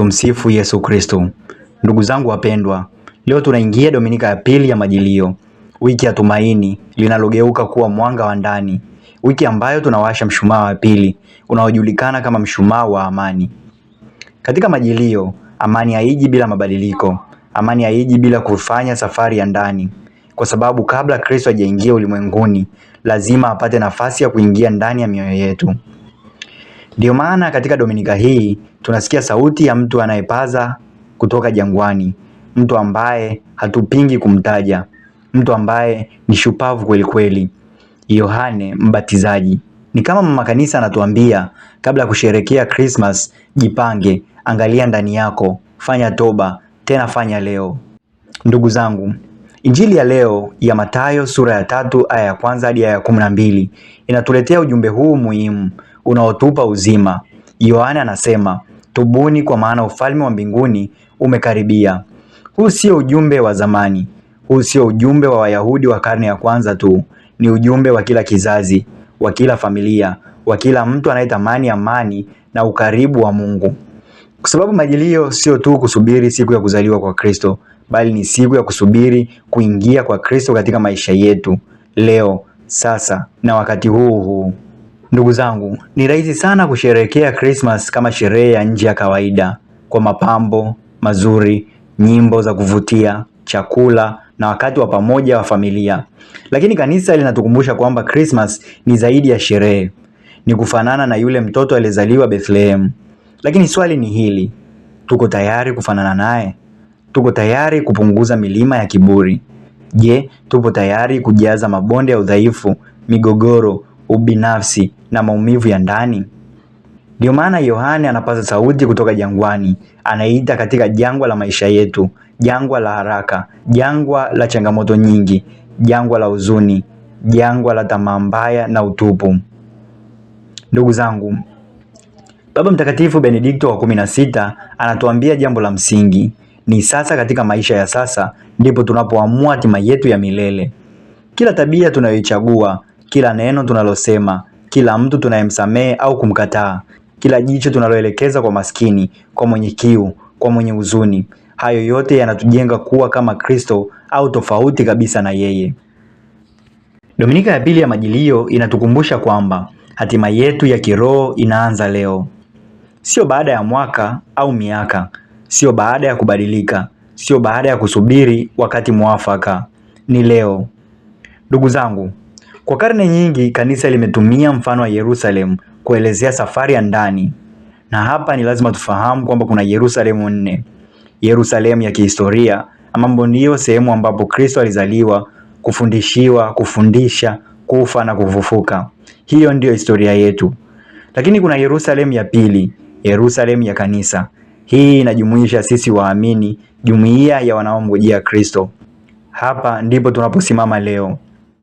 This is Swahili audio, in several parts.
Tumsifu Yesu Kristo. Ndugu zangu wapendwa, leo tunaingia Dominika ya pili ya Majilio, wiki ya tumaini linalogeuka kuwa mwanga wa ndani, wiki ambayo tunawasha mshumaa wa pili unaojulikana kama mshumaa wa amani. Katika Majilio, amani haiji bila mabadiliko, amani haiji bila kufanya safari ya ndani, kwa sababu kabla Kristo hajaingia ulimwenguni, lazima apate nafasi ya kuingia ndani ya mioyo yetu. Ndiyo maana katika Dominika hii Tunasikia sauti ya mtu anayepaza kutoka jangwani, mtu ambaye hatupingi kumtaja, mtu ambaye ni shupavu kweli kweli, Yohane Mbatizaji. Ni kama mama kanisa anatuambia kabla ya kusherekea Christmas, jipange, angalia ndani yako, fanya toba, tena fanya leo. Ndugu zangu, Injili ya leo ya Mathayo sura ya tatu aya ya kwanza hadi aya ya kumi na mbili inatuletea ujumbe huu muhimu unaotupa uzima. Yohana anasema tubuni kwa maana ufalme wa mbinguni umekaribia. Huu sio ujumbe wa zamani, huu sio ujumbe wa Wayahudi wa karne ya kwanza tu, ni ujumbe wa kila kizazi, wa kila familia, wa kila mtu anayetamani amani na ukaribu wa Mungu, kwa sababu majilio sio tu kusubiri siku ya kuzaliwa kwa Kristo, bali ni siku ya kusubiri kuingia kwa Kristo katika maisha yetu leo, sasa na wakati huu huu. Ndugu zangu, ni rahisi sana kusherehekea Christmas kama sherehe ya nje ya kawaida, kwa mapambo mazuri, nyimbo za kuvutia, chakula na wakati wa pamoja wa familia. Lakini kanisa linatukumbusha kwamba Christmas ni zaidi ya sherehe, ni kufanana na yule mtoto aliyezaliwa Bethlehem. Lakini swali ni hili, tuko tayari kufanana naye? Tuko tayari kupunguza milima ya kiburi? Je, tupo tayari kujaza mabonde ya udhaifu, migogoro ubinafsi na maumivu ya ndani. ndio maana Yohane anapaza sauti kutoka jangwani, anaita katika jangwa la maisha yetu, jangwa la haraka, jangwa la changamoto nyingi, jangwa la huzuni, jangwa la tamaa mbaya na utupu. Ndugu zangu, Baba Mtakatifu Benedikto wa kumi na sita anatuambia jambo la msingi. Ni sasa katika maisha ya sasa ndipo tunapoamua hatima yetu ya milele. Kila tabia tunayoichagua, kila neno tunalosema, kila mtu tunayemsamehe au kumkataa, kila jicho tunaloelekeza kwa maskini, kwa mwenye kiu, kwa mwenye huzuni. Hayo yote yanatujenga kuwa kama Kristo au tofauti kabisa na yeye. Dominika ya pili ya Majilio inatukumbusha kwamba hatima yetu ya kiroho inaanza leo, sio baada ya mwaka au miaka, sio baada ya kubadilika, sio baada ya kusubiri wakati mwafaka, ni leo. Ndugu zangu, kwa karne nyingi kanisa limetumia mfano wa Yerusalemu kuelezea safari ya ndani, na hapa ni lazima tufahamu kwamba kuna Yerusalemu nne: Yerusalemu ya kihistoria ambapo ndiyo sehemu ambapo Kristo alizaliwa, kufundishiwa, kufundisha, kufa na kufufuka. Hiyo ndiyo historia yetu. Lakini kuna Yerusalemu ya pili, Yerusalemu ya kanisa. Hii inajumuisha sisi waamini, jumuiya ya wanaomgojea Kristo. Hapa ndipo tunaposimama leo.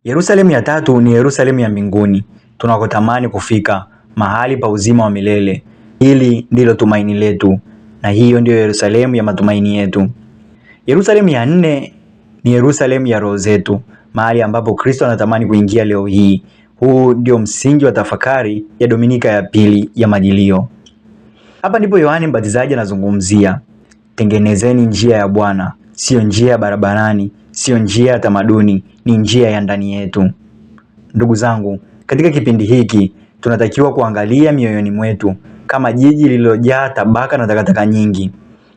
Yerusalemu ya tatu ni Yerusalemu ya mbinguni tunakotamani kufika, mahali pa uzima wa milele. Hili ndilo tumaini letu, na hiyo ndiyo Yerusalemu ya matumaini yetu. Yerusalemu ya nne ni Yerusalemu ya roho zetu, mahali ambapo Kristo anatamani kuingia leo hii. Huu ndio msingi wa tafakari ya Dominika ya pili ya Majilio. Hapa ndipo Yohane Mbatizaji anazungumzia, tengenezeni njia ya Bwana, siyo njia ya barabarani sio njia ya tamaduni, ni njia ya ndani yetu. Ndugu zangu, katika kipindi hiki tunatakiwa kuangalia mioyoni mwetu kama jiji lililojaa tabaka na takataka nyingi.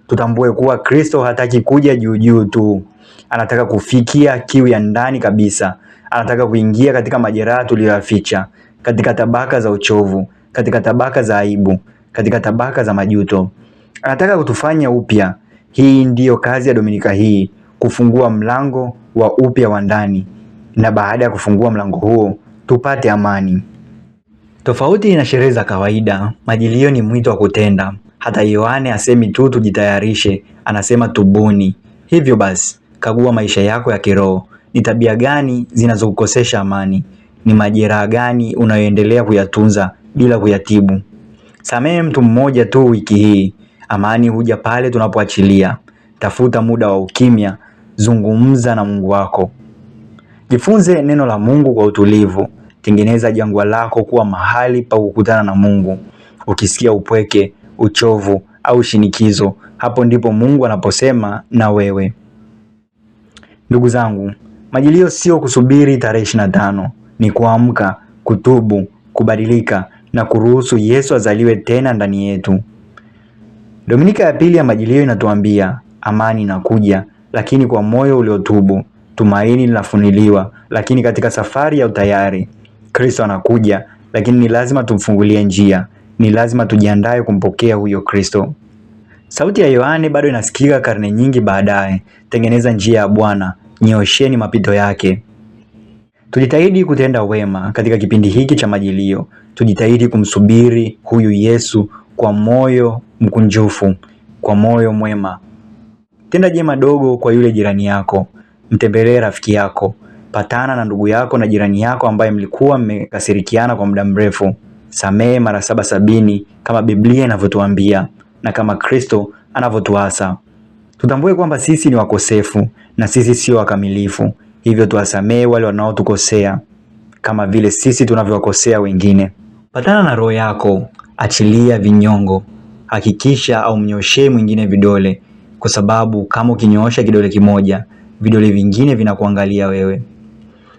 Tutambue kuwa Kristo hataki kuja juu juu tu, anataka kufikia kiu ya ndani kabisa. Anataka kuingia katika majeraha tuliyoyaficha, katika tabaka za uchovu, katika tabaka za aibu, katika tabaka za majuto. Anataka kutufanya upya. Hii ndiyo kazi ya Dominika hii kufungua mlango wa upya wa ndani, na baada ya kufungua mlango huo tupate amani. Tofauti na sherehe za kawaida, majilio ni mwito wa kutenda. Hata Yohane asemi tu tujitayarishe, anasema tubuni. Hivyo basi, kagua maisha yako ya kiroho. Ni tabia gani zinazokukosesha amani? Ni majeraha gani unayoendelea kuyatunza bila kuyatibu? Samehe mtu mmoja tu wiki hii. Amani huja pale tunapoachilia. Tafuta muda wa ukimya zungumza na Mungu wako. Jifunze neno la Mungu kwa utulivu. Tengeneza jangwa lako kuwa mahali pa kukutana na Mungu. Ukisikia upweke, uchovu au shinikizo, hapo ndipo Mungu anaposema na wewe. Ndugu zangu, majilio sio kusubiri tarehe ishirini na tano, ni kuamka, kutubu, kubadilika na kuruhusu Yesu azaliwe tena ndani yetu. Dominika ya pili ya majilio inatuambia amani inakuja lakini kwa moyo uliotubu tumaini linafunuliwa. Lakini katika safari ya utayari, Kristo anakuja, lakini ni lazima tumfungulie njia, ni lazima tujiandae kumpokea huyo Kristo. Sauti ya Yohane bado inasikika karne nyingi baadaye: tengeneza njia ya Bwana, nyoosheni mapito yake. Tujitahidi kutenda wema katika kipindi hiki cha Majilio, tujitahidi kumsubiri huyu Yesu kwa moyo mkunjufu, kwa moyo mwema Tenda jema dogo kwa yule jirani yako, mtembelee rafiki yako, patana na ndugu yako na jirani yako ambaye mlikuwa mmekasirikiana kwa muda mrefu. Samehe mara saba sabini kama Biblia inavyotuambia na kama Kristo anavyotuasa. Tutambue kwamba sisi ni wakosefu na sisi sio wakamilifu, hivyo tuwasamehe wale wanaotukosea kama vile sisi tunavyowakosea wengine. Patana na roho yako, achilia vinyongo, hakikisha au mnyoshee mwingine vidole kwa sababu kama ukinyoosha kidole kimoja, vidole vingine vinakuangalia wewe.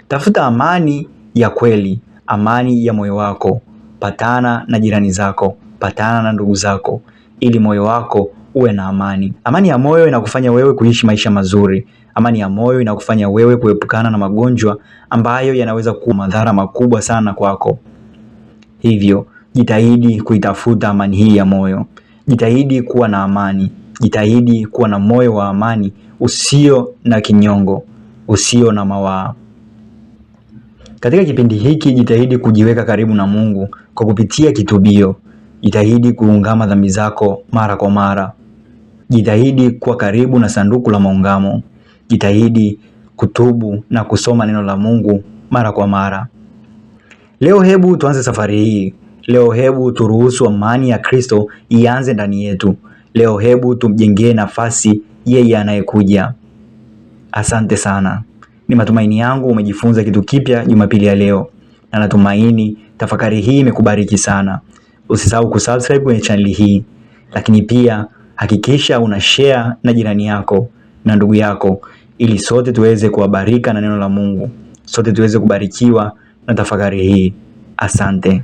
Tafuta amani ya kweli, amani ya moyo wako. Patana na jirani zako, patana na ndugu zako, ili moyo wako uwe na amani. Amani ya moyo inakufanya wewe kuishi maisha mazuri. Amani ya moyo inakufanya wewe kuepukana na magonjwa ambayo yanaweza kuwa madhara makubwa sana kwako. Hivyo jitahidi kuitafuta amani hii ya moyo, jitahidi kuwa na amani jitahidi kuwa na moyo wa amani usio na kinyongo, usio na mawaa. Katika kipindi hiki jitahidi kujiweka karibu na Mungu kwa kupitia kitubio. Jitahidi kuungama dhambi zako mara kwa mara. Jitahidi kuwa karibu na sanduku la maungamo. Jitahidi kutubu na kusoma neno la Mungu mara kwa mara. Leo hebu tuanze safari hii. Leo hebu turuhusu amani ya Kristo ianze ndani yetu. Leo hebu tumjengee nafasi yeye anayekuja. Asante sana. Ni matumaini yangu umejifunza kitu kipya Jumapili ya leo, na natumaini tafakari hii imekubariki sana. Usisahau kusubscribe kwenye chaneli hii, lakini pia hakikisha una share na jirani yako na ndugu yako, ili sote tuweze kuwabarika na neno la Mungu, sote tuweze kubarikiwa na tafakari hii. Asante.